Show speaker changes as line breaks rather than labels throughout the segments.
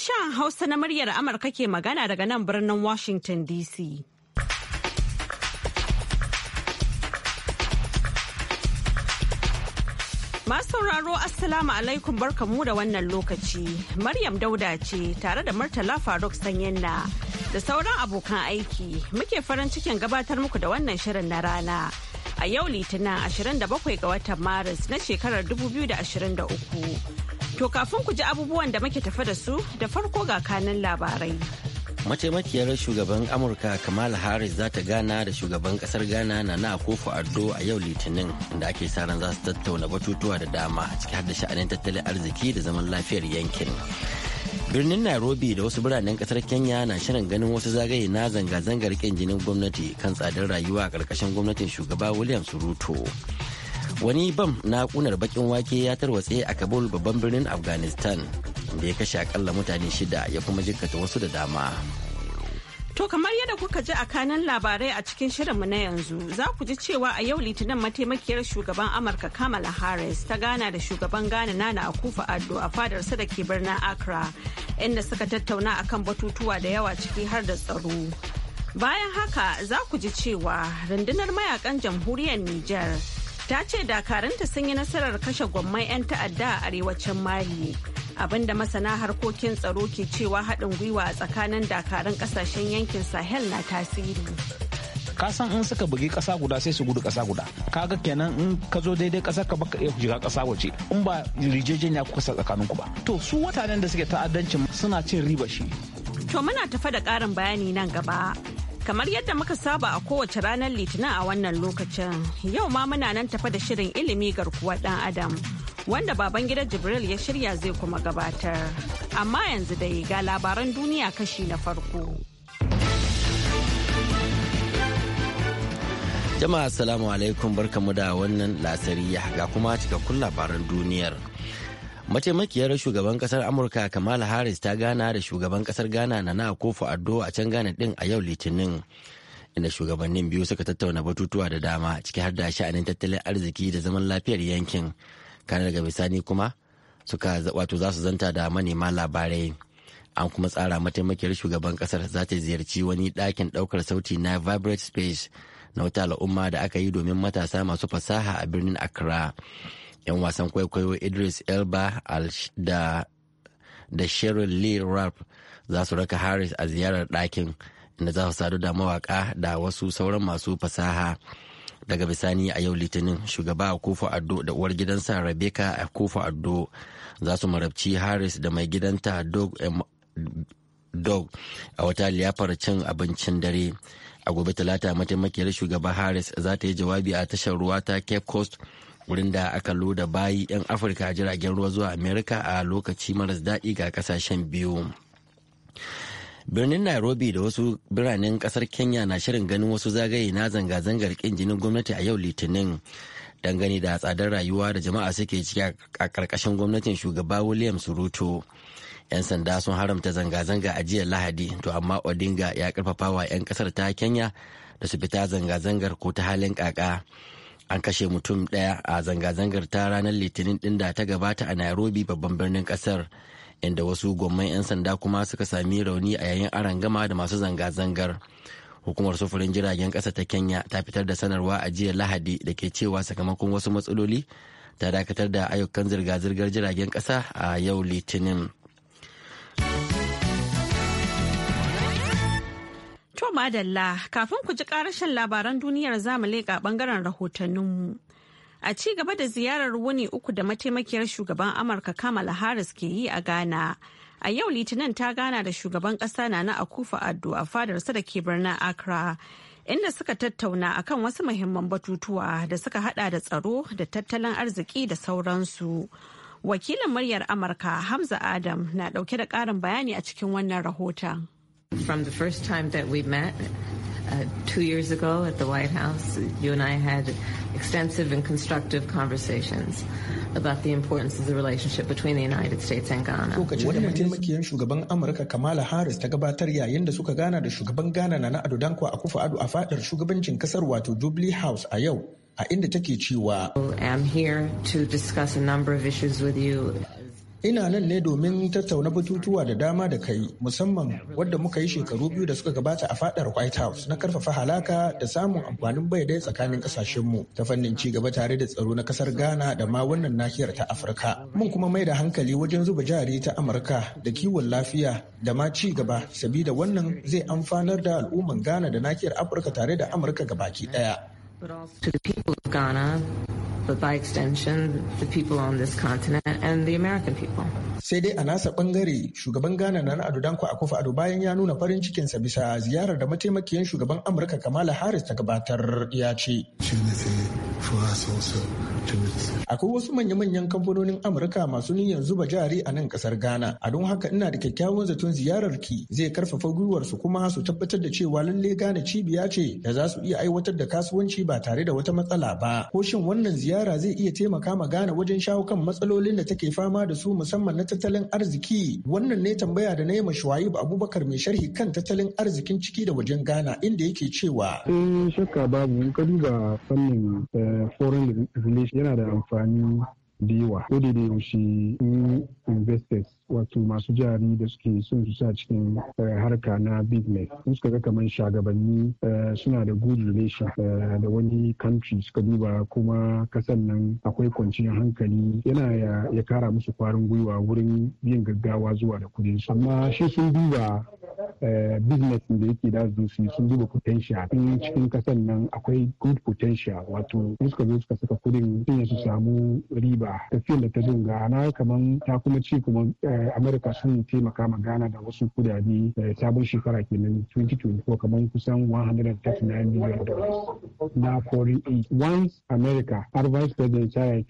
Sashen Hausa na muryar Amurka ke magana daga nan birnin Washington DC. Masu sauraro Assalamu alaikum barkamu da wannan lokaci. Maryam Dauda ce tare da Murtala Faruk Sanyenna da sauran abokan aiki muke farin cikin gabatar muku da wannan shirin na rana. A yau Litinin 27 ga watan Maris na shekarar 2023. To kafin ku ji abubuwan da muke tafa da su da farko ga kanin labarai.
Mataimakiyar shugaban Amurka Kamala Harris za ta gana da shugaban kasar Ghana na na kofa addo a yau litinin da ake sa ran za su tattauna batutuwa da dama ciki har da sha'anin tattalin arziki da zaman lafiyar yankin. birnin nairobi da wasu biranen kasar kenya na shirin ganin wasu zagaye na zanga-zangar kin jinin gwamnati kan tsadar rayuwa a ƙarƙashin gwamnatin shugaba william Ruto. wani bam na kunar bakin wake ya tarwatse a kabul babban birnin afghanistan da ya kashe akalla mutane shida ya kuma jikata wasu da dama
To kamar yadda kuka ji a kanan labarai a cikin shirinmu na yanzu za ku ji cewa a yau litinin mataimakiyar shugaban Amurka Kamala Harris ta gana da shugaban Ghana Nana Akufa Addo a fadarsa da ke birnin Accra inda suka tattauna akan batutuwa da yawa ciki har da tsaro. Bayan haka za ku ji cewa rundunar mayakan jamhuriyar Nijar ta ce dakaranta sun yi nasarar kashe gwamman 'yan ta'adda a arewacin mali abinda masana harkokin tsaro ke cewa haɗin gwiwa a tsakanin dakarun ƙasashen yankin sahel na tasiri
ka san in suka bugi ƙasa guda sai su gudu ƙasa guda kaga kenan in ka zo daidai ƙasar ka baka iya ƙasa waje in ba rijejeniya kuka tsakanin tsakaninku ba to su watanen da suke ta'addancin suna cin riba shi
to muna tafa da ƙarin bayani nan gaba Kamar yadda muka saba a kowace ranar Litinin a wannan lokacin, yau ma muna nan tafa da shirin ilimi garkuwar dan Adam, wanda baban gidan Jibril ya shirya zai kuma gabatar. Amma yanzu dai ga labaran duniya kashi na farko.
Jama'a assalamu alaikum barkamu da wannan lasariya ga kuma cikakkun labaran duniyar. mataimakiyar shugaban kasar amurka kamala harris ta gana da shugaban kasar ghana na na kofa addo a can ghana din a yau litinin inda shugabannin biyu suka tattauna batutuwa da dama ciki har da sha'anin tattalin arziki da zaman lafiyar yankin kana daga bisani kuma suka wato za su zanta da manema labarai an kuma tsara mataimakiyar shugaban kasar za ta ziyarci wani ɗakin ɗaukar sauti na vibrate space na wata al'umma da aka yi domin matasa masu fasaha a birnin accra 'yan wasan kwaikwayo idris elba da da Sheryl Lee za su raka Harris a ziyarar ɗakin inda za su sadu da mawaka da wasu sauran masu fasaha daga bisani a yau litinin shugaba a kofa addo da uwar gidansa rebecca kofa addo za su marabci harris da mai gidanta dog a wata liyafar cin abincin dare a gobe talata mataimakiyar shugaba harris za ta yi jawabi a tashar ruwa ta cape coast wurin da aka loda bayi 'yan afirka jiragen ruwa zuwa amerika a lokaci maras daɗi ga kasashen biyu birnin nairobi da wasu biranen kasar kenya na shirin ganin wasu zagaye na zanga-zangar kin jinin gwamnati a yau litinin dangane da tsadar rayuwa da jama'a suke ciki a karkashin gwamnatin shugaba williams ruto 'yan sanda sun haramta zanga-zanga a jiya lahadi to amma odinga ya karfafa wa 'yan kasar ta kenya da su fita zanga-zangar ko ta halin kaka an kashe mutum ɗaya a zanga-zangar ta ranar litinin ɗin da ta gabata a nairobi babban birnin ƙasar inda wasu gwamman 'yan sanda kuma suka sami rauni a yayin gama da masu zanga-zangar hukumar sufurin jiragen ƙasa ta kenya ta fitar da sanarwa a jiya lahadi da ke cewa sakamakon wasu matsaloli ta dakatar da ayyukan zirga-zirgar jiragen ƙasa a yau litinin
To madalla kafin ku ji karashin labaran duniyar zamu leƙa bangaren rahotanninmu. A ci gaba da ziyarar wuni uku da mataimakiyar shugaban Amurka Kamala Harris ke yi a Ghana. A yau Litinin ta gana da shugaban ƙasa na na Akufa Addo a fadarsa da ke birnin Accra. Inda suka tattauna akan wasu muhimman batutuwa da suka hada da tsaro da tattalin arziki da sauransu. Wakilin muryar Amurka Hamza Adam na dauke da ƙarin bayani a cikin wannan rahoton. From the first time that we met uh, two years ago at the White House, you and I had extensive and constructive conversations
about the importance of the relationship between the United States and Ghana. Wani mataimakiyar shugaban Amurka Kamala Harris ta gabatar yayin da suka gana da shugaban Ghana Ado a fadar shugabancin kasar wato Jubilee House a yau. a inda take cewa I'm here to discuss a number of issues with you ina nan ne domin tattauna batutuwa da dama da kai musamman wadda muka yi shekaru biyu da suka gabata a fadar white house na karfafa halaka da samun amfanin bai dai tsakanin kasashenmu ta fannin ci gaba tare da tsaro na kasar ghana da ma wannan nahiyar ta afirka mun kuma mai da hankali wajen zuba jari ta amurka da kiwon lafiya da ma ci gaba sabida wannan zai amfanar da al'umman ghana da nahiyar afirka tare da amurka gabaki ɗaya. but by extension, the people on this continent and the American people. Sai dai a nasa bangare shugaban Ghana na Ado Danko Akufo Ado bayan ya nuna farin cikinsa bisa ziyarar da mataimakiyan shugaban Amurka Kamala Harris ta gabatar ya ce. Akwai wasu manya-manyan kamfanonin Amurka masu niyyar zuba jari a nan kasar Ghana. A don haka ina da kyakkyawan zaton ziyarar ki zai karfafa gwiwar su kuma su tabbatar da cewa lalle Ghana cibiya ce da za su iya aiwatar da kasuwanci ba tare da wata matsala ba. Ko shin wannan ziyara zai iya taimaka ma Ghana wajen shawo kan matsalolin da take fama da su musamman na tattalin arziki? Wannan ne tambaya da na yi ma Shu'aibu Abubakar mai sharhi kan tattalin arzikin ciki da wajen Ghana inda yake cewa.
Eh shakka babu ka duba fannin eh, foreign relations yana da amfani da yawa ko da yaushe in investors wato masu jari da suke son su sa cikin eh, harka na business in suka ga kamar shagabanni eh, suna da good relation eh, da wani country suka duba kuma kasan nan akwai kwanciyar hankali yana ya kara musu kwarin gwiwa wurin yin gaggawa zuwa da kudin su amma shi sun duba Eh, business da yake da zuci sun duba potential in cikin kasan nan akwai good potential wato suka zo suka saka kudin sun su samu riba tafiyar da ta Na gana kamar ta kuma ci kuma eh, america sun taimaka ma ghana da wasu kudade eh, sabon shekara kenan 2024 kamar kusan 139 million dollars na foreign aid once america har vice president ta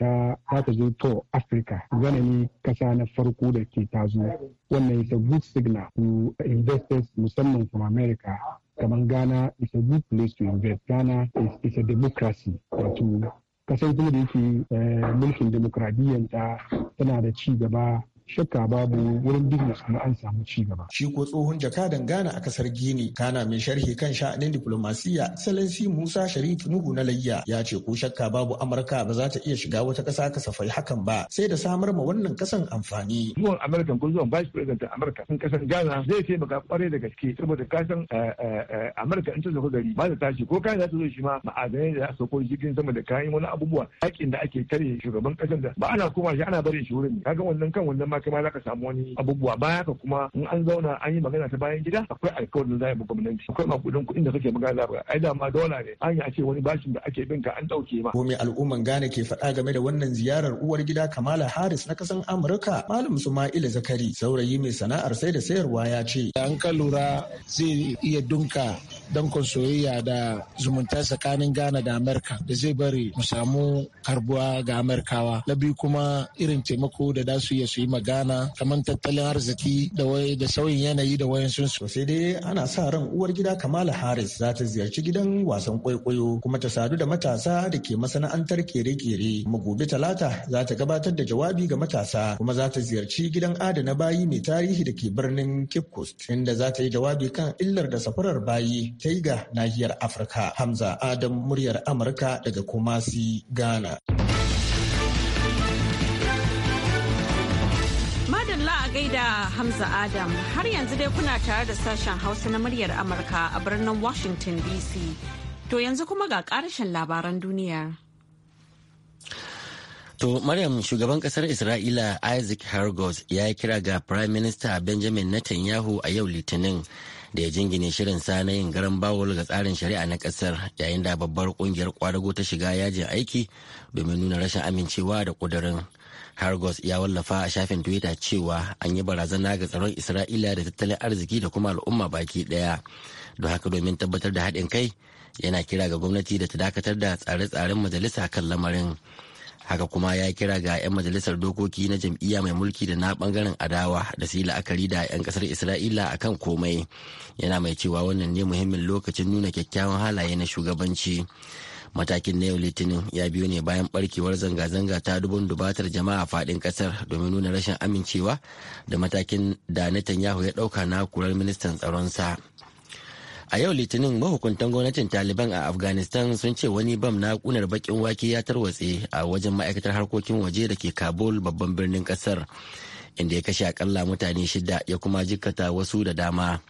ta ta zo to africa ghana ne kasa na farko da ke ta tazo wannan is a good signal to investors musamman from America kamar Ghana is a good place to invest. Ghana is, is a democracy wato kasar kuma da yake eh, mulkin demokradiyyanta tana da ci gaba shakka babu wurin business na an samu ci gaba.
Shi ko tsohon jakadan Ghana a kasar Gini, Ghana mai sharhi kan sha'anin diplomasiya, Salisu Musa Sharif Nuhu na Layya ya ce ko shakka babu Amurka ba za ta iya shiga wata ƙasa kasafai hakan ba sai da samar ma wannan ƙasan amfani. Zuwan Amurka ko zuwan Vice President Amurka sun kasar Ghana zai taimaka kwarai da gaske saboda kasan eh, eh, eh, Amurka in ta zafi gari ba ta
tashi ko kai za ta zo shi ma ma'adanai da za su ko jirgin sama da kayan wani abubuwa yakin da ake tare shugaban ƙasar da ba ana koma shi ana barin shi wurin ne kaga wannan kan wannan ma ma kai ma za ka samu wani abubuwa baya ka kuma
in an zauna an yi magana ta bayan gida akwai alkawarin za a yi gwamnati akwai makudan kuɗin da kake magana ba ai da ma dola ne an yi a ce wani bashin da ake bin ka an ɗauke ma. ko me al'umman gane ke faɗa game da wannan ziyarar uwar gida Kamala Harris na kasan Amurka Malam Suma'ila Zakari saurayi mai sana'ar sai da sayarwa ya ce. An ka lura zai iya dunka dankon soyayya da zumunta tsakanin Gana da Amurka da zai bari mu samu karbuwa ga Amurkawa. Na biyu kuma irin taimako da za su iya su yi magana ghana kamar tattalin arziki da wai da sauyin yanayi da wayan sun su sai dai ana sa ran uwar gida kamala harris za ta ziyarci gidan wasan kwaikwayo kuma ta sadu da matasa da ke masana'antar kere-kere kuma gobe talata za ta gabatar da jawabi ga matasa kuma za ta ziyarci gidan adana bayi mai tarihi da ke birnin cape coast inda za ta yi jawabi kan illar da safarar bayi ta yi ga nahiyar afirka hamza adam muryar amurka daga kumasi ghana
gaida Hamza Adam har yanzu dai kuna tare da sashen Hausa na muryar Amurka a birnin Washington DC. To yanzu kuma ga karshen labaran duniya.
To Maryam shugaban kasar Isra'ila Isaac Hergos ya yi kira ga Prime Minister Benjamin Netanyahu a yau Litinin da ya jingine shirin na yin garan bawul ga tsarin shari'a na kasar yayin da babbar kungiyar kwadago ta shiga yajin aiki domin nuna rashin amincewa da kudurin. Hargos ya wallafa a shafin Twitter cewa an yi barazana ga tsaron Isra'ila da tattalin arziki da kuma al'umma baki daya Don haka domin tabbatar da haɗin kai yana kira ga gwamnati da ta dakatar da tsare-tsaren majalisa kan lamarin. Haka kuma ya kira ga 'yan majalisar dokoki na jam'iyya mai mulki da na bangaren adawa da su yi la'akari da 'yan kasar Isra'ila a kan komai. Yana mai cewa wannan ne muhimmin lokacin nuna kyakkyawan halaye na shugabanci. matakin na yau litinin ya biyu ne bayan barkewar zanga-zanga ta dubun dubatar jama'a fadin kasar domin nuna rashin amincewa da matakin da netanyahu ya dauka na kurar ministan tsaronsa a yau litinin mahukuntan gwamnatin taliban a afghanistan sun ce wani bam na kunar bakin wake ya tarwatse a wajen ma'aikatar harkokin waje da ke kabul babban birnin kasar inda ya kashe akalla mutane shida ya kuma jikkata wasu da dama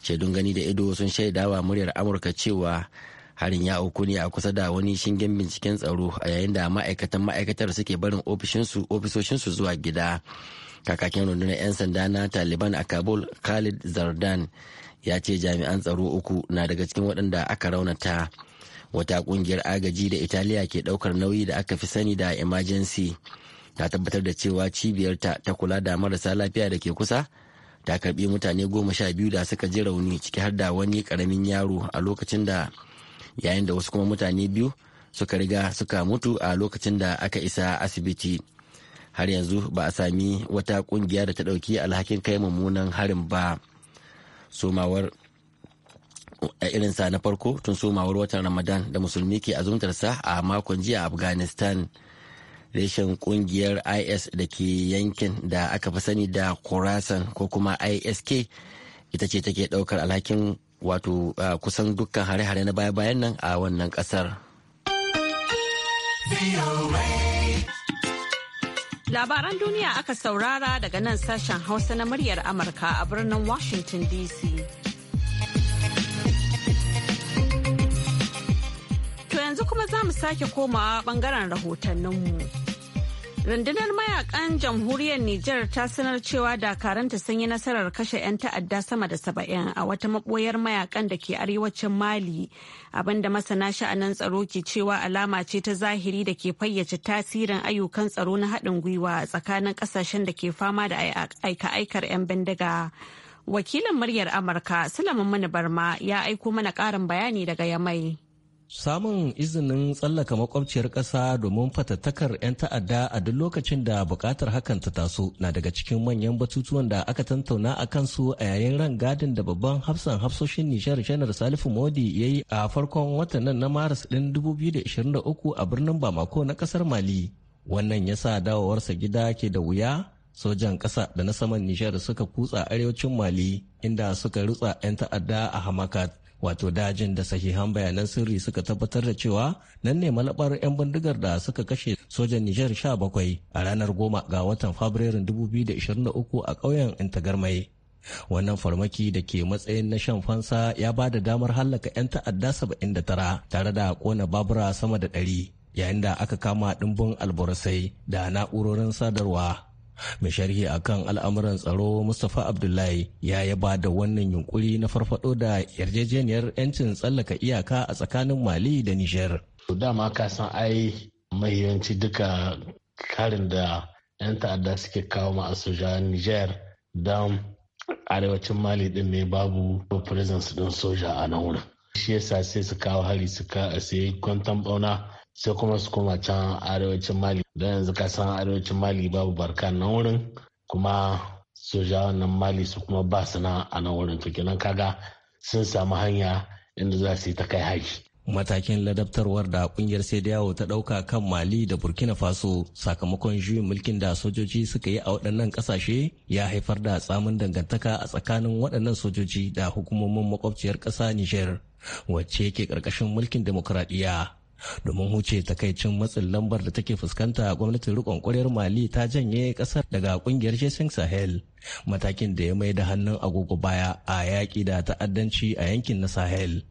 shaidun gani da ido sun shaidawa muryar amurka cewa harin ya auku ne a kusa da wani shingen binciken tsaro a yayin da ma'aikatan ma'aikatar suke barin ofisoshinsu zuwa gida kakakin rundunar 'yan sanda na taliban a kabul khalid zardan ya ce jami'an tsaro uku na daga cikin waɗanda aka raunata wata ƙungiyar agaji da italiya ke ɗaukar nauyi da aka fi sani da emergency ta tabbatar da cewa cibiyarta ta kula da marasa lafiya da ke kusa ta karbi mutane goma sha biyu da suka ji rauni ciki har da wani karamin yaro a lokacin da yayin da wasu kuma mutane biyu suka riga suka mutu a lokacin da aka isa asibiti har yanzu ba a sami wata kungiya da ta ɗauki alhakin kai mummunan harin ba somawar a irinsa na farko tun somawar watan ramadan da musulmi ke sa a makon jiya afghanistan reshen kungiyar is da ke yankin da aka fi sani da khorasan ko kuma isk ita ce take daukar alhakin wato ah, kusan dukkan hare-hare na baya-bayan nan a wannan kasar.
Labaran duniya aka saurara daga nan sashen Hausa na muryar Amurka a birnin Washington DC. To yanzu kuma za mu sake komawa bangaren rahotanninmu. Rundunar mayakan jamhuriyar Nijar ta sanar cewa dakaranta sun yi nasarar kashe 'yan ta'adda sama da saba'in a wata maboyar mayakan da ke arewacin Mali, abinda masana sha'anin tsaro ke cewa alama ce ta zahiri da ke fayyace tasirin ayyukan tsaro na haɗin gwiwa tsakanin ƙasashen da ke fama da aika-aikar 'yan bindiga. Wakilin muryar Amurka, Sulaiman Mani Barma, ya aiko mana ƙarin bayani daga Yamai.
Samun izinin tsallaka makwabciyar ƙasa domin fatattakar 'yan ta'adda a duk lokacin da buƙatar hakan ta taso na daga cikin manyan batutuwan da aka tantauna a kansu a yayin ran gadin da babban hafsan hafsoshin nishar shanar Salifu Modi ya yi a farkon watan na Maris ɗin 2023 a birnin Bamako na ƙasar Mali. Wannan ya sa dawowarsa gida ke da wuya sojan ƙasa da na saman nishar suka kutsa arewacin Mali inda suka rutsa 'yan ta'adda a Hamakat wato dajin da sahihan bayanan sirri suka tabbatar da cewa nan ne malabar 'yan bindigar da suka kashe sojan Nijar 17 a ranar 10 ga watan Fabrairun 2023 a ƙauyen Intagarmai. Wannan farmaki da ke matsayin na shan fansa ya ba da damar hallaka 'yan ta'adda 79 tare da kona babura sama da 100 yayin da aka kama dimbin alborosai da na'urorin sadarwa mai sharhi a kan al'amuran tsaro mustapha abdullahi ya ba da wannan yunkuri na farfado da yarjejeniyar 'yancin tsallaka iyaka a tsakanin mali da nijar dama ka san ai mahiyanci duka
karin da 'yan ta'adda suke kawo ma a nijar don arewacin mali din ne babu presence din soja a nan wurin shi yasa sai su kawo hari su sai kwantan bauna sai kuma su koma can arewacin mali don yanzu ka san arewacin mali babu barka nan wurin kuma soja nan mali su kuma ba su na a nan wurin to kenan kaga sun samu hanya inda za su yi ta kai haji
matakin ladabtarwar da kungiyar sai da yawo ta dauka kan mali da burkina faso sakamakon juyin mulkin da sojoji suka yi a waɗannan ƙasashe ya haifar da tsamin dangantaka a tsakanin waɗannan sojoji da hukumomin makwabciyar ƙasa niger wacce ke ƙarƙashin mulkin demokuraɗiyya domin huce takaicin matsin lambar da take fuskanta gwamnatin rikon kwarar mali ta janye kasar daga kungiyar jason sahel matakin da ya mai da hannun agogo baya a yaƙi da ta'addanci a yankin na sahel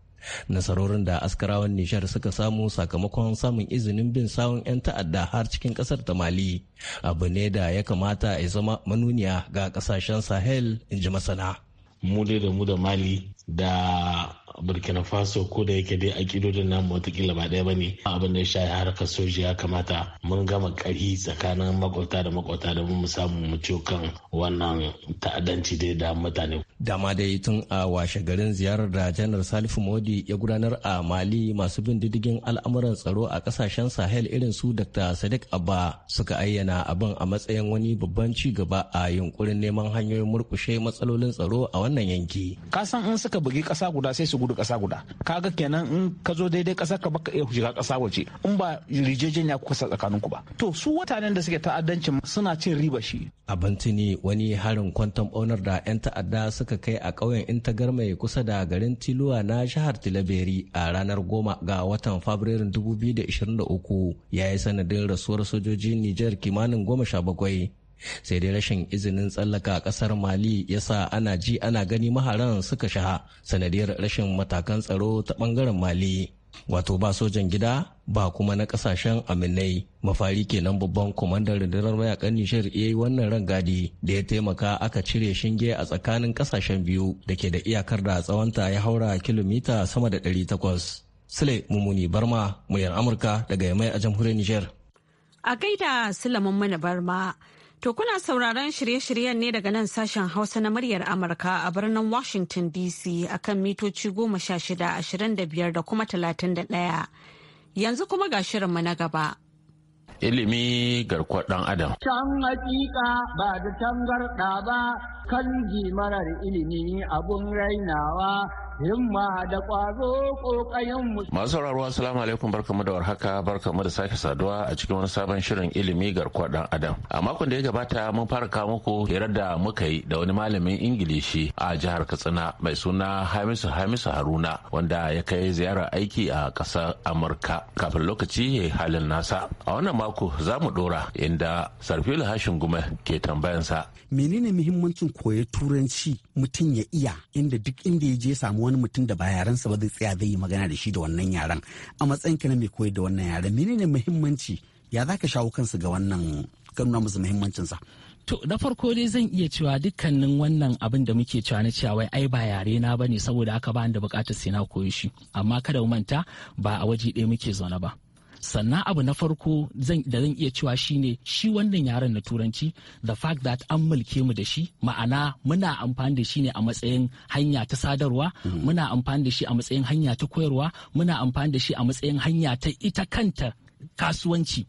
nasarorin da askarawan nishar suka samu sakamakon samun izinin bin sawun 'yan ta'adda har cikin kasar ta mali abu ne da ya kamata ya zama manuniya ga kasashen sahel in ji masana
mu da mu da mali da burkina faso ko da yake dai akidodin namu watakila ba daya bane abin da ya sha harkar soji ya kamata mun gama ƙari tsakanin makwabta da makwabta da mun samu mu ciyo kan wannan ta'addanci dai da
mutane. dama dai tun a washe garin ziyarar da janar salifu modi ya gudanar a mali masu bin diddigin al'amuran tsaro a kasashen sahel irin su dr sadiq abba suka ayyana abin a matsayin wani babban ci gaba a yunkurin neman hanyoyin murkushe matsalolin tsaro a wannan yanki kasan in suka suka bugi kasa guda sai su gudu kasa guda kaga kenan in
ka zo daidai kasa ka baka iya shiga kasa waje in ba rijejeniya kuka tsakanin ku ba to su watanen da suke ta'addanci suna cin riba shi
a tuni wani harin kwantan onar da 'yan ta'adda suka kai a ƙauyen intagar mai kusa da garin tiluwa na jihar tilaberi a ranar goma ga watan fabrairun 2023 ya yi sanadin rasuwar sojojin nijar kimanin goma sha bakwai sai dai rashin izinin tsallaka kasar mali ya sa ana ji ana gani maharan suka shaha sanadiyar rashin matakan tsaro ta bangaren mali wato ba sojan gida ba kuma na kasashen aminai mafari kenan babban kwamandan rundunar mayakan nishar iya yi wannan rangadi da ya taimaka aka cire shinge a tsakanin kasashen biyu da ke da iyakar da tsawonta ya haura kilomita sama da 800 sule mummuni barma muyar amurka daga yamai a jamhuriyar nijar
a gaida mana barma To kuna sauraron shirye-shiryen ne daga nan sashen Hausa na muryar Amurka a birnin Washington DC a kan mitoci goma sha shida ashirin da biyar da kuma talatin da ɗaya. Yanzu kuma ga shirinmu na gaba.
Ilimi garkuwar ɗan Adam.
Can hakika ba da tangarɗa ba kan marar ilimi abun rainawa himma da ƙwazo ƙoƙayenmu.
Masu sauraro assalamu alaikum barkamu da warhaka barkamu da sake saduwa a cikin wani sabon shirin ilimi garkuwa dan adam. A makon da ya gabata mun fara kawo muku hirar da muka yi da wani malamin Ingilishi a jihar Katsina mai suna Hamisu Hamisu Haruna wanda ya kai ziyara aiki a kasar Amurka kafin lokaci ya halin nasa. A wannan mako za mu ɗora inda Sarfilu Hashin Gume ke tambayansa.
Menene muhimmancin koyar turanci mutum ya iya inda duk inda ya je samu wani mutum da ba sa ba zai tsaya zai yi magana da shi da wannan
yaren a matsayin ka na mai koyar da wannan yaran menene muhimmanci ya za ka shawo kansu ga wannan ka nuna musu muhimmancinsa To na farko dai zan iya cewa dukkanin wannan abin da muke cewa na cewa wai ai ba yare na bane saboda aka ba da bukatar sai na koyi shi amma kada mu manta ba a waje ɗaya muke zaune ba sannan abu na farko da zan iya cewa shine shi wannan yaren na turanci the fact that an mulke mu da shi ma'ana muna amfani da shi ne a matsayin hanya ta sadarwa mm. muna amfani da shi a matsayin hanya ta koyarwa muna amfani da shi a matsayin hanya ta ita kanta kasuwanci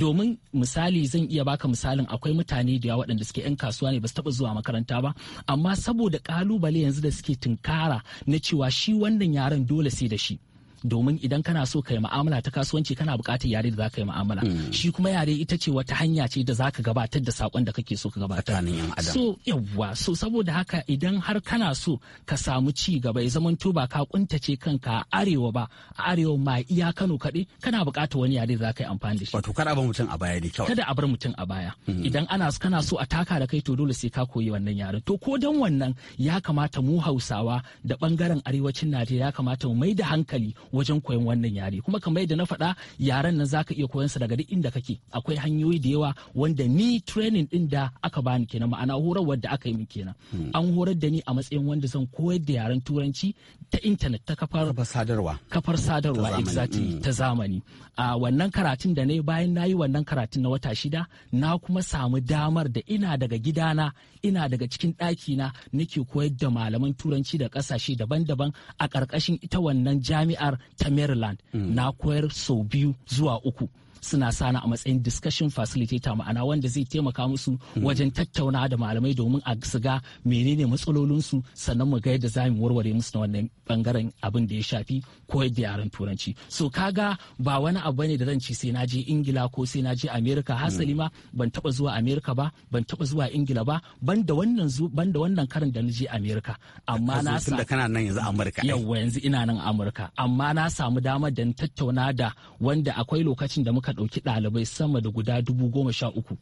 domin misali zan iya baka misalin akwai mutane da yawa waɗanda suke 'yan kasuwa ne ba su taɓa zuwa makaranta ba amma saboda ƙalubale yanzu da suke tunkara na cewa shi wannan yaren dole sai da shi domin idan kana so ka yi mu'amala ta kasuwanci kana buƙatar yare da za ka yi mu'amala mm. shi kuma yare ita ce wata hanya ce da za ka gabatar da sakon da kake so ka gabatar so yawwa so saboda haka idan har kana so ka samu ci gaba ya zaman ba ka kuntace kanka a arewa ba a arewa ma iya Kano kaɗai kana buƙatar wani yare da za ka yi amfani da shi wato kada a bar
mutum a baya ne kawai kada a bar
mutum a baya mm-hmm. idan ana kana so a taka da kai to dole sai ka koyi wannan yaren to ko dan wannan ya kamata mu Hausawa da bangaren arewacin Najeriya ya kamata mu mai da hankali wajen koyon wannan yare kuma kamar yadda na faɗa yaren nan zaka iya koyon sa daga duk inda kake akwai hanyoyi da yawa wanda ni training din da aka bani kenan ma'ana horar da aka yi min kenan hmm. an horar da ni a matsayin wanda zan koyar da yaren turanci ta intanet ta kafar sadarwa kafar sadarwa exactly hmm. ta zamani a wannan karatun da na yi bayan na yi wannan karatun na wata shida na kuma samu damar da ina daga gidana ina daga cikin ɗakina nake koyar da malaman turanci da kasashe daban-daban a ƙarƙashin ita wannan jami'ar ta maryland mm. na koyar sau biyu zuwa uku suna sana a matsayin discussion facilitator ma'ana wanda zai taimaka musu hmm. wajen tattauna da malamai domin a su ga menene matsalolinsu sannan mu ga yadda za mu warware musu na wannan bangaren abin da ya shafi ko da yaran turanci so kaga ba wani abu ne da zan ci sai na je ingila ko sai na je america hmm. hasali ma ban taba zuwa america ba ban taba zuwa ingila ba ban da wannan ban da wannan karin da na je america amma na sa da kana nan yanzu amurka eh. yawa yanzu ina nan amurka amma na samu damar da tattauna da wanda akwai lokacin da muka aka ɗauki ɗalibai sama da guda dubu goma sha uku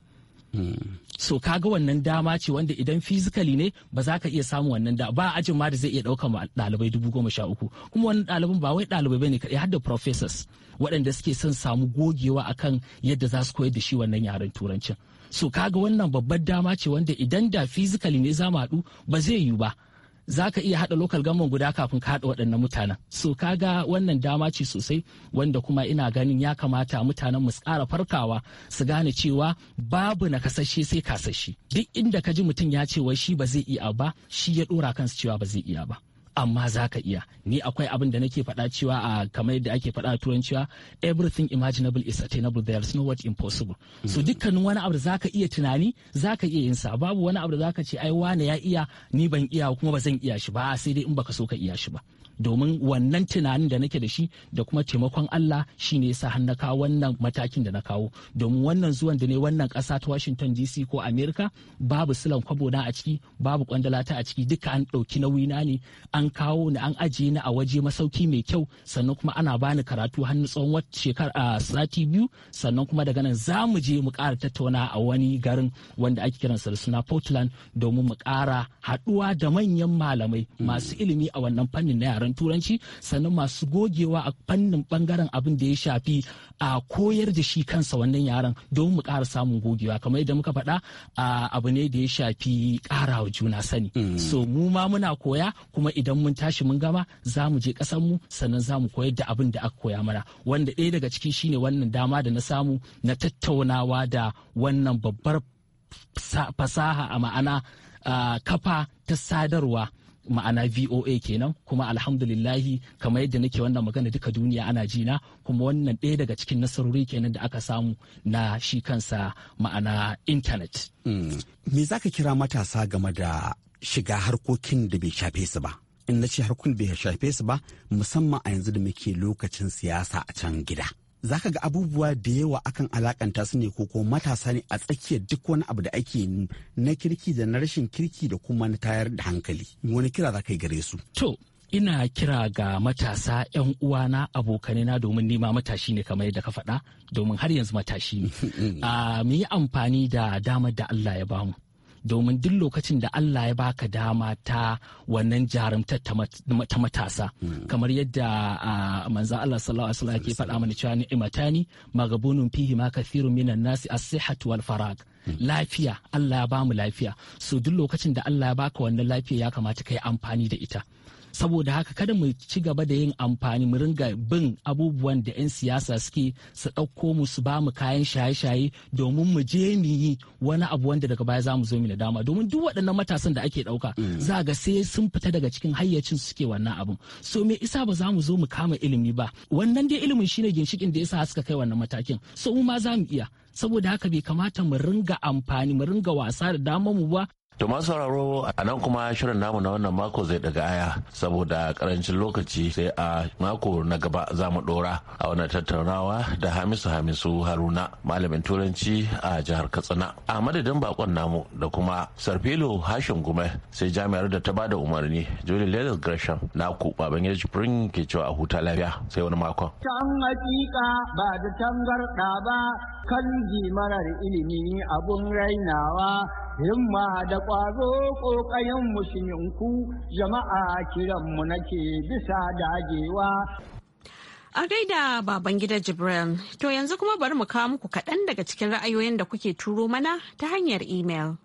so kaga wannan dama ce wanda idan fizikali ne ba za ka iya samun wannan da ba ajin ma da zai iya ɗaukan ɗalibai dubu goma sha uku kuma wannan ɗaliban ba wai ɗalibai bane kaɗai har da professors waɗanda suke son samu gogewa akan yadda za su koyar da shi wannan yaren turancin so kaga wannan babbar dama ce wanda idan da fizikali ne za mu haɗu ba zai yiwu ba za ka iya haɗa lokal government guda kafin ka haɗa waɗannan mutanen so ga wannan dama ce sosai wanda kuma ina ganin ya kamata mutanen mu tsara farkawa su gane cewa babu na kasashe sai kasashe duk inda ka ji mutum ya ce wai shi ba zai iya ba shi ya ɗora kansu cewa ba zai iya ba amma za ka iya ni akwai abin da nake faɗa cewa a kamar yadda ake faɗa turancewa everything imaginable is attainable there is no what impossible mm-hmm. so dukkanin wani abu da za ka iya tunani za ka iya yinsa babu wani abu da za ka ce ai wane ya iya ni ban iya kuma ba zan iya shi ba sai dai in baka so ka iya shi ba domin wannan tunanin da nake da shi da kuma taimakon Allah shi ne yasa har na kawo wannan matakin da na kawo domin wannan zuwan da ne wannan kasa ta Washington DC ko America babu silan kwabo na a ciki babu kwandala ta a ciki duka an ɗauki nauyi na ne an an kawo ni an ajiye ni a waje masauki mai kyau sannan kuma ana bani karatu hannu tsawon wata shekara a sati biyu sannan kuma daga nan za mu je mu ƙara tattauna a wani garin wanda ake kiransa da suna Portland domin mu ƙara haɗuwa da manyan malamai masu ilimi a wannan fannin na yaren turanci sannan masu gogewa a fannin bangaren abin da ya shafi a koyar da shi kansa wannan yaren domin mu ƙara samun gogewa kamar yadda muka faɗa abu ne da ya shafi ƙara wa juna sani mm. so mu ma muna koya kuma idan idan mun tashi mun gama za mu je ƙasar mu sannan za mu koyar da abin da aka koya mana wanda ɗaya daga ciki shine wannan dama da na samu na tattaunawa da wannan babbar fasaha a ma'ana kafa ta sadarwa ma'ana voa kenan kuma alhamdulillahi kamar yadda nake wannan magana duka duniya ana jina kuma wannan ɗaya daga cikin nasarori kenan da aka samu na shi kansa ma'ana intanet. Mm. me zaka za ka kira matasa game da shiga harkokin da bai shafe su ba in na ce harkun bai shafe su ba musamman a yanzu da muke lokacin
siyasa a can gida zaka ga abubuwa da yawa akan alakanta su ne ko matasa ne a tsakiyar duk wani abu da ake na kirki da na rashin kirki da kuma na tayar da hankali
wani kira za ka yi gare su to ina kira ga matasa 'yan uwana na domin nema matashi ne kamar yadda ka faɗa domin har yanzu matashi ne mm. ah, mu amfani da damar da Allah ya bamu domin duk lokacin da Allah ya baka dama ta wannan jarumta ta matasa hmm. kamar yadda manza Allah sallallahu alaihi wasallam ke faɗa mana cewa imatani magabunun fihi ma kathirun minan nasi as-sihhatu wal farag hmm. lafiya Allah ya bamu lafiya so duk lokacin da Allah ya baka wannan lafiya ya kamata ka amfani da ita saboda haka kada mu ci gaba da yin amfani mu ringa bin abubuwan da 'yan siyasa suke su ɗauko mu su ba mu kayan shaye-shaye domin mu je mu yi wani abu wanda daga baya za mu zo da dama domin duk waɗannan matasan da ake ɗauka mm. za ga sai sun fita daga cikin hayyacin suke wannan abun so me isa ba za mu zo mu kama ilimi ba wannan dai ilimin shine ginshikin da yasa suka kai wannan matakin so mu ma za mu iya saboda haka bai kamata mu ringa amfani mu ringa wasa da damar mu ba
To masu sauraro a nan kuma shirin namu na wannan mako zai daga aya saboda karancin lokaci sai a mako na gaba za mu dora a wannan tattaunawa da Hamisu Hamisu Haruna malamin turanci a jihar Katsina. A madadin bakon namu da kuma Sarfilo Hashin Gume sai jami'ar da ta bada umarni Julie Lelis Gresham ku baban Yaji jibrin ke cewa a huta lafiya sai wani makon.
Can hakika ba da tangarda ba kanji marar ilimi abun rainawa himma da ƙwazo ƙoƙayen musulminku jama'a kiranmu nake bisa dagewa. A
gaida baban gida Jibril, to yanzu kuma bari mu kawo muku kaɗan daga cikin ra'ayoyin da kuke turo mana ta hanyar imel.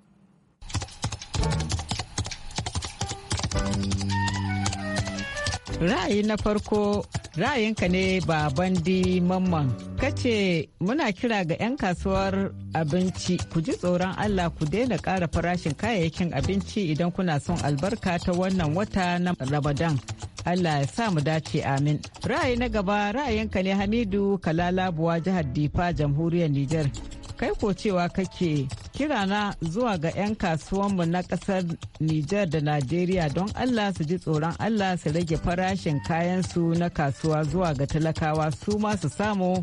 ra'ayi na farko ra'ayinka ne ba bandi mamman kace muna kira ga 'yan kasuwar abinci ku ji tsoron allah ku daina ƙara farashin kayayyakin abinci idan kuna son albarka ta wannan wata na ramadan allah ya sa mu dace amin ra'ayi na gaba ra'ayinka ne hamidu kalalabuwa jihar difa jamhuriyar niger kai ko cewa kake kirana zuwa ga 'yan kasuwanmu na kasar Nijar da Najeriya don Allah su ji tsoron Allah su rage farashin kayan su na kasuwa zuwa ga talakawa su ma su samu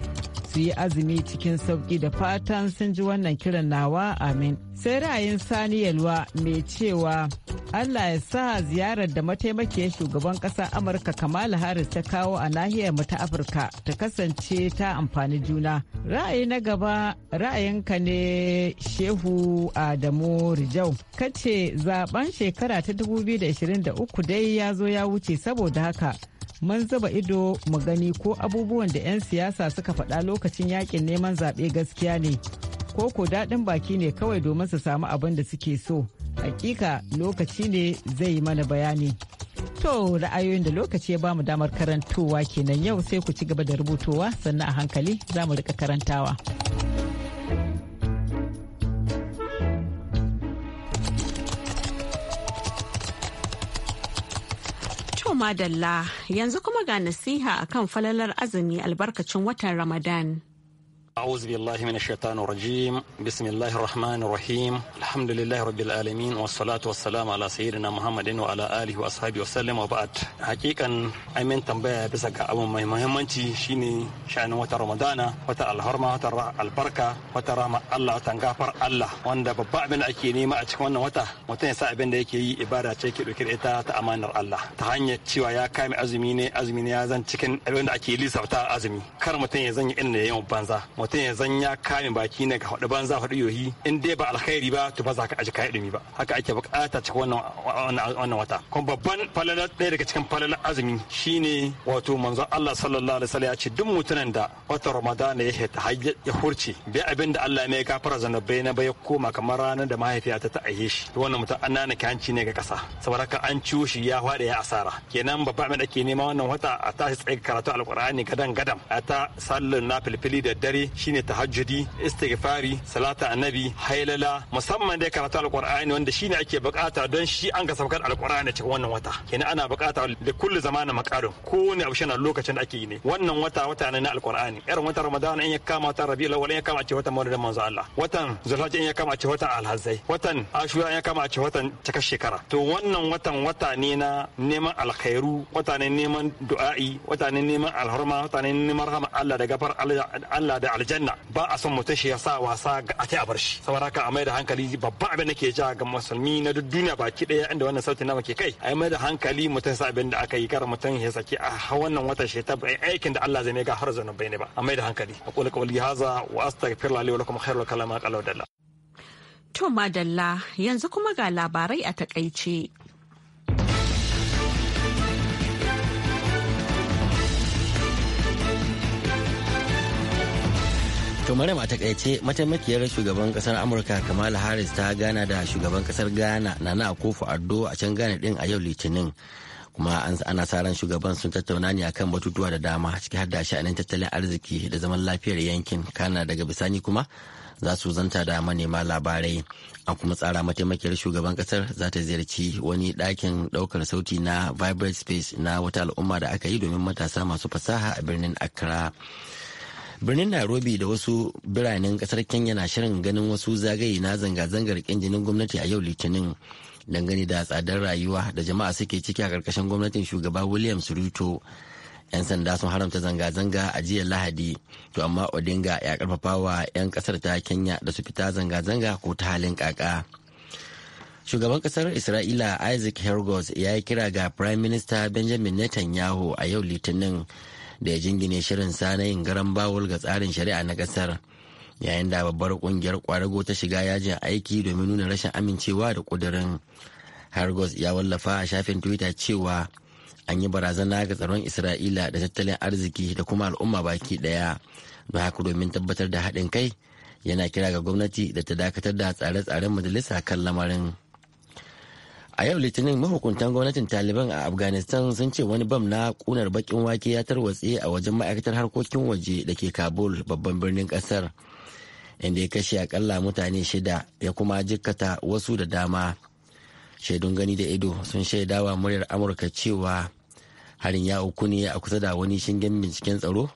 su yi azumi cikin sauƙi da fatan sun ji wannan kiran nawa amin. Sai ra'ayin Sani Yalwa mai cewa Allah ya sa ziyarar da mataimakiyar shugaban kasa Amurka Kamala Harris ta kawo a nahiyar mu ta Afirka ta kasance ta amfani juna. Ra'ayi na gaba ra'ayinka ne Shehu Adamu Rijau. Kace zaben shekara ta 2023 dai ya zo ya wuce saboda haka. mun zuba ido mu gani ko abubuwan da 'yan siyasa suka faɗa lokacin yakin neman zaɓe gaskiya ne koko daɗin baki ne kawai domin su samu abin da suke so hakika lokaci ne zai yi mana bayani to ra'ayoyin da lokaci ya ba mu damar karantowa kenan yau sai ku ci gaba da rubutowa sannan a hankali za mu rika karantawa
madalla yanzu kuma ga nasiha akan falalar azumi albarkacin watan ramadan
أعوذ بالله من الشيطان الرجيم بسم الله الرحمن الرحيم الحمد لله رب العالمين والصلاة والسلام على سيدنا محمد وعلى آله وأصحابه وسلم وبعد حقيقة أمين تنبيه بسك أبو مهمنتي شيني شأن وتر رمضان وتر الحرمة وتر البركة وتر الله وتنغفر الله وأن ببع من أكيني ما أتكون وتا متين سأبين ديكي إبادة تيكي بكر إتا تأمانر الله تهاني تشيوا يا كامي أزميني أزميني أزن تكن أبين أكي لي سبتا أزمي كرمتين يزن إن يوم بانزا mutum ya zan ya kame baki ne ka haɗu banza haɗu yohi in dai ba alkhairi ba to ba za ka aji kai ba haka ake bukata cikin wannan wata kuma babban falala ɗaya daga cikin falala azumi shine wato manzon Allah sallallahu alaihi wasallam ya ce duk mutumin da watan Ramadan ya hita hajji ya hurce bai abin da Allah mai gafara zanabai na bai koma kamar ranar da mahaifiyata ta aihe shi to wannan mutum an nana hanci ne ga kasa saboda haka an ciwo shi ya faɗi ya asara kenan babba abin da ke nema wannan wata a tashi tsaye karatu alkur'ani gadan gadan a ta sallin na filfili da dare dai shine tahajjudi istighfari salata annabi haylala musamman dai karatu alqur'ani wanda shine ake bukata don shi an ga sabkar alqur'ani cikin wannan wata kenan ana bukata da kullu zamanin makarin kowane abu shana lokacin da ake yi ne wannan wata wata ne na alqur'ani irin watan ramadan in ya kama watan rabiul awwal in ya kama a ce watan maulidin manzo Allah watan zulhajji in ya kama a ce watan alhazzai watan ashura in ya kama a ce watan cikar shekara to wannan watan wata ne na neman alkhairu wata ne neman du'a'i wata ne neman alhurma wata ne neman rahama Allah da gafar Allah da aljanna ba a son mutum shi ya sa wasa ga ate a bar shi saboda haka a mai da hankali babba abin da ke ja ga musulmi na duk duniya baki daya inda wannan sautin nama ke kai a mai da hankali mutum sa abin da aka yi kar mutum ya saki a wannan watan shi ta aikin da Allah zai mai ga har zanen bai ne ba a mai da hankali a kula kawali haza wa astaghfir lillahi wa lakum khairul kalama qalu dalla
to madalla yanzu kuma ga labarai a takaice
To Maryam a takaice mataimakiyar shugaban kasar Amurka Kamala Harris ta gana da shugaban kasar Ghana Nana kofa Addo a can Ghana din a yau Litinin. kuma ana sa ran shugaban sun tattauna ne akan batutuwa da dama ciki har da sha'anin tattalin arziki da zaman lafiyar yankin kana daga bisani kuma za su zanta da manema labarai a kuma tsara mataimakiyar shugaban kasar za ta ziyarci wani dakin ɗaukar sauti na vibrate space na wata al'umma da aka yi domin matasa masu fasaha a birnin accra birnin nairobi da wasu biranen kasar kenya na shirin ganin wasu zagaye na zanga-zangar kin gwamnati a yau litinin dangane da tsadar rayuwa da jama'a suke ciki a karkashin gwamnatin shugaba williams ruto 'yan sanda sun haramta zanga-zanga a jiya lahadi to amma odinga ya karfafawa 'yan kasar ta kenya da su fita zanga-zanga ko ta halin kaka shugaban kasar isra'ila isaac hergos ya yi kira ga prime minister benjamin netanyahu a yau litinin da ya jingine shirin sa na yin garan bawul ga tsarin shari'a na kasar yayin da babbar kungiyar kwarago ta shiga yajin aiki domin nuna rashin amincewa da kudirin hargos ya wallafa a shafin twitter cewa an yi barazana ga tsaron isra'ila da tattalin arziki da kuma al'umma baki daya don haka domin tabbatar da haɗin kai yana kira ga gwamnati da ta dakatar da tsare-tsaren majalisa kan lamarin a yau litinin mahukuntan gwamnatin taliban a afghanistan sun ce wani bam na kunar bakin wake ya tarwatse a wajen ma'aikatar harkokin waje da ke kabul babban birnin kasar inda ya kashe akalla mutane shida ya kuma jikkata wasu da dama shaidun gani da ido sun shaidawa muryar amurka cewa harin ya uku ne a kusa da wani shingen binciken tsaro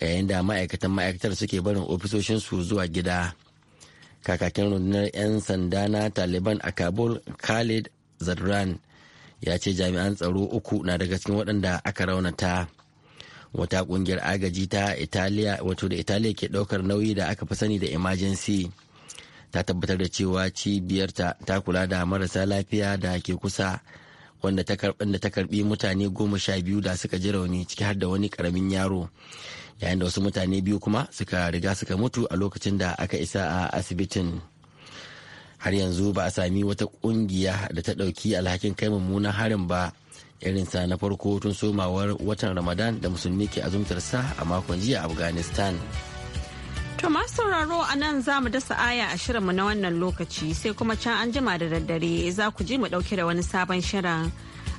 yayin da ma'aikatan ma'aikatar suke barin ofisoshin su zuwa gida kakakin rundunar 'yan sanda na taliban a kabul khalid zadran ya ce jami'an tsaro uku na daga cikin waɗanda aka raunata wata ƙungiyar agaji ta italiya wato da italiya ke ɗaukar nauyi da aka fi sani da emergency ta tabbatar da cewa cibiyarta ta kula da marasa lafiya da ke kusa wanda ta karbi mutane goma sha biyu da suka ji rauni ciki har da wani karamin yaro yayin da wasu mutane biyu kuma suka riga suka mutu a lokacin da aka isa a asibitin har yanzu ba a sami wata kungiya da ta ɗauki alhakin kai mummunan harin ba irin sa na farko tun somawar watan ramadan da musulmi ke azumtar sa a makon jiya afghanistan
To masu sauraro a nan za mu dasa aya a shirinmu na wannan lokaci sai kuma can an jima da daddare za ku ji mu ɗauke da wani sabon shirin.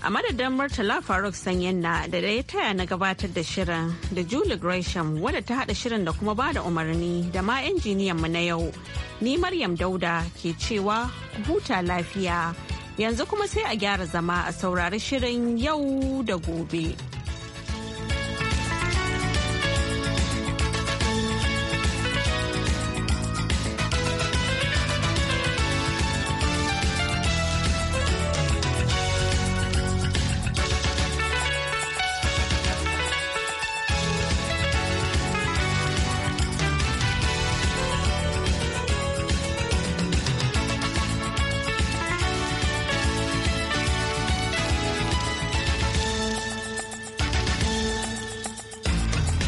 a madadin murtala faruk sanyin na da ya taya na gabatar da shirin da julie gresham wadda ta hada shirin da kuma ba da umarni da ma injiniyan mu na yau ni maryam dauda ke cewa huta lafiya yanzu kuma sai a gyara zama a saurari shirin yau da gobe.